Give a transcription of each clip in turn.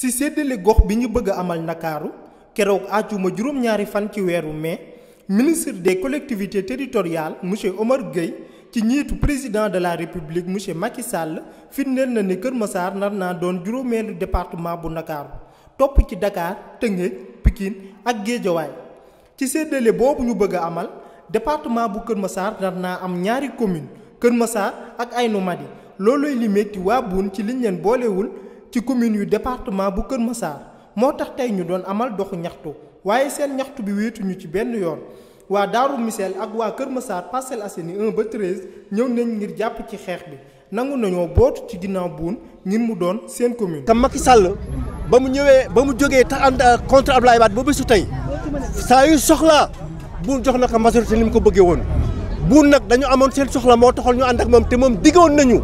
ci séddale gox bi ñu bëgg a amal ndakaaru keroog àjjuma juróom-ñaari fan ci weeru mais ministre des collectivités territoriales monsieur Omar Gueye ci njiitu président de la république monsieur Macky Sall firndeel na ne Kër Massar nar naa doon juróomeelu département bu ndakaaru topp ci Dakar Tëngéej Pikine ak Géejawaay ci séddale boobu ñu bëgg a amal département bu Kër Massar nar naa am ñaari commune Kër Massar ak Aynou Madi loolooy li metti waa Boune ci liñ leen boolewul ci commune yu département bu Kër Massar moo tax tey ñu doon amal doxu ñaxtu waaye seen ñaxtu bi wéetuñu ci benn yoon waa Daaru Miseel ak waa Kër Massar Parcelles Assainies 1 ba 13 ñëw nañ ngir jàpp ci xeex bi nangu nañoo bootu ci ginnaaw buun ngir mu doon seen commune. ma Macky sàll ba mu ñëwee ba mu jógee te ànd contre Abdoulaye Wade ba bésu tey saa yu soxlaa buun jox na ko majorité ni mu ko bëggee woon buur nag dañu amoon seen soxla moo taxal ñu ànd ak moom te moom diggoon nañu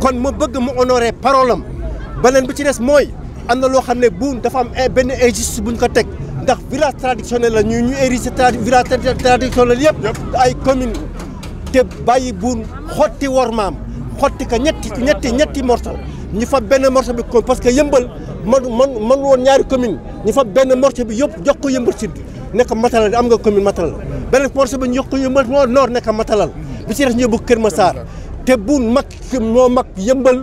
kon ma bëgg mu honoré parole beneen bi ci des mooy am na loo xam ne bu dafa am benn injustice bu ñu ko teg ndax village traditionnel la ñu ñu érigé village traditionnel yëpp. ay commune te bàyyi buun xotti wor maam xotti ko ñetti ñetti ñetti morceau ñu fa benn morceau bi ko parce que yëmbal man man man woon ñaari commune ñu fa benn morceau bi yëpp jox ko yëmbal sud nekk matalal am nga commune matalal beneen morceau bi ñu jox ko yëmbal nord nekk matalal bi ci des ñu yóbbu Kër Massar te buun ma moo mag yëmbal.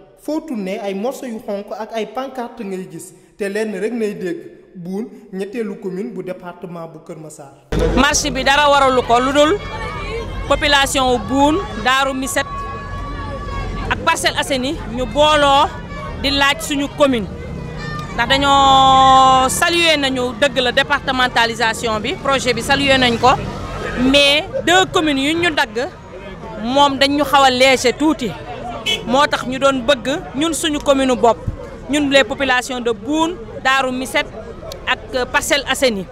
foo ne ay morceau yu xonq ak ay pancarte ngay gis te lenn rek ngay dégg buun ñetteelu commune bu département bu Kër Massar. marche bi dara waralu ko lu dul population buun daaru miset ak Parcelles Assainies ñu booloo di laaj suñu commune ndax dañoo saluer nañu dëgg la départementalisation bi projet bi saluer nañ ko mais deux communes yu ñu dagg moom dañ ñu xaw a léger tuuti. Nous avons ñu doon bëgg ñun suñu commune bopp ñun les populations de Boune Darou Miset ak Parcelles Assainies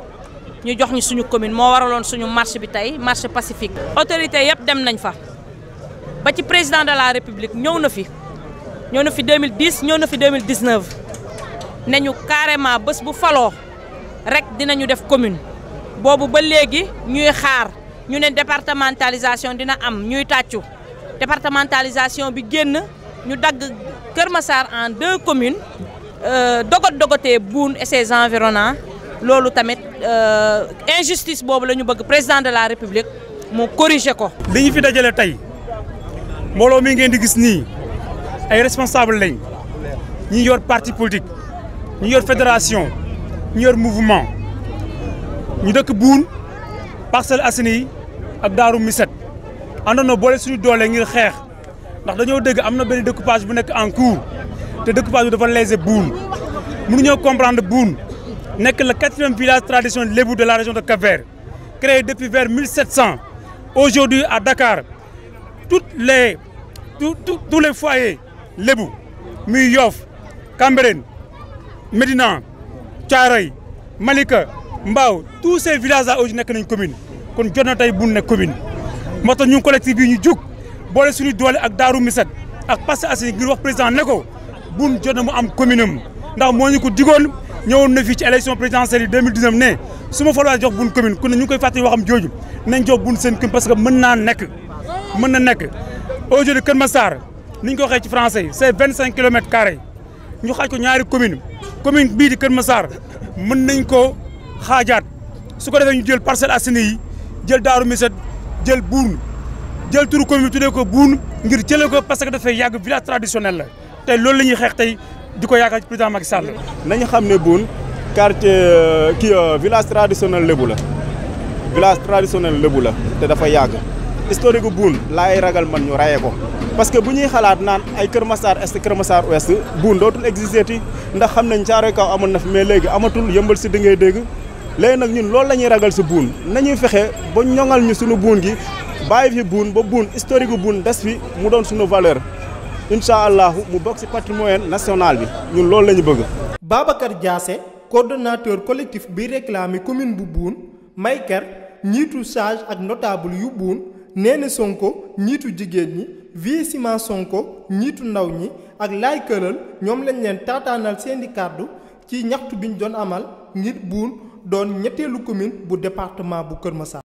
ñu jox ñu suñu commune moo waraloon suñu marche bi marche pacifique. autorité yëpp dem nañ fa ba ci président de la république ñëw na fi ñëw na fi 2010 ñëw na fi 2019 Nous avons carrément bés bu faloo rek dinañu def commune bobu ba léegi ñuy xaar ñu ne départementalisation dina am ñuy départementalisation bi génn ñu dagg Kër Massar en deux communes euh, dogot Dogote Boun et ses environnants loolu tamit euh, injustice boobu la ñu bëgg président de la république mu corriger ko. li ñu fi dajale tey mbooloo mi ngeen di gis nii ay responsable lañ ñi yor parti politique ñi yor fédération ñi yor mouvement ñu dëkk Boune Parcelles Assainies ak Darou miset àndandoo boole suñu doole ngir xex ndax dañoo dégg am découpage bu nek en cours té découpage bi dafa léser Boune mënuñoo comprendre Boune N'ek le 4e village traditionnel de la région de Cap-Vert créé depuis vers 1700 aujourd'hui à Dakar toutes les tous tous les foyers lébu muy Yoff Cambérène Médina Thiaroye Malika Mbao tous ces villages là aujourd'hui n'ek nañ commune kon jonne tay tey n'ek commune. moo tax ñun collectif bi ñu jug boole suñu doole ak Daaru Misat ak Parcelles Assainies ngir wax président ne ko buñ jot na mu am commune ndax moo ñu ko digoon ñëwoon na fii ci élection présidentielle yi 2019 ne su ma falwaa jox buñ commune ku ne ñu ngi koy fàttali waxam jooju nañ jox buñ seen commune parce que mën naa nekk mën na nekk aujourd'hui Kër Massar ni ñu ko waxee ci français yi c'est vingt cinq kilomètres carrés ñu xaaj ko ñaari commune commune bii di Kër Massar mën nañ ko xaajaat su ko defee ñu jël Parcelles Assainies yi jël Daaru Misat jël buun jël turu commune bi tuddee ko buun ngir jëlee ko parce que dafay yàgg village traditionnel la tey loolu la ñuy xeex tey di ko yaakaar ci président Macky Sall. nañu xam ne buun quartier euh, kii euh, village traditionnel lébu la village traditionnel lébu la te dafa yàgg historique gu buun laay ragal man ñu rayee ko. parce que bu ñuy xalaat naan ay Kër Massar est Kër Massar ouest buun dootul exister ndax xam nañ Caaroy kaw amoon na fi mais léegi amatul yëmbal si di ngay dégg. léegi nag ñun loolu la ñuy ragal si buun nañuy fexe ba ñoŋal ñu suñu buun gi bàyyi fi buun ba buun historique buun des fi mu doon suñu valeur incha allahu mu bokk si patrimoine national bi ñun loolu la ñu bëgg. Babacar Diassé coordonnateur collectif bi réclamé commune bu buun Mayker ñiitu sage ak notable yu buun nee na Sonko ñiitu jigéen ñi vie ciment Sonko ñiitu ndaw ñi ak laay këral ñoom lañ leen taataanal seeni kàddu ci ñaxtu biñ doon amal ngir buun. doon ñetteelu commune bu département bu Kër Massar.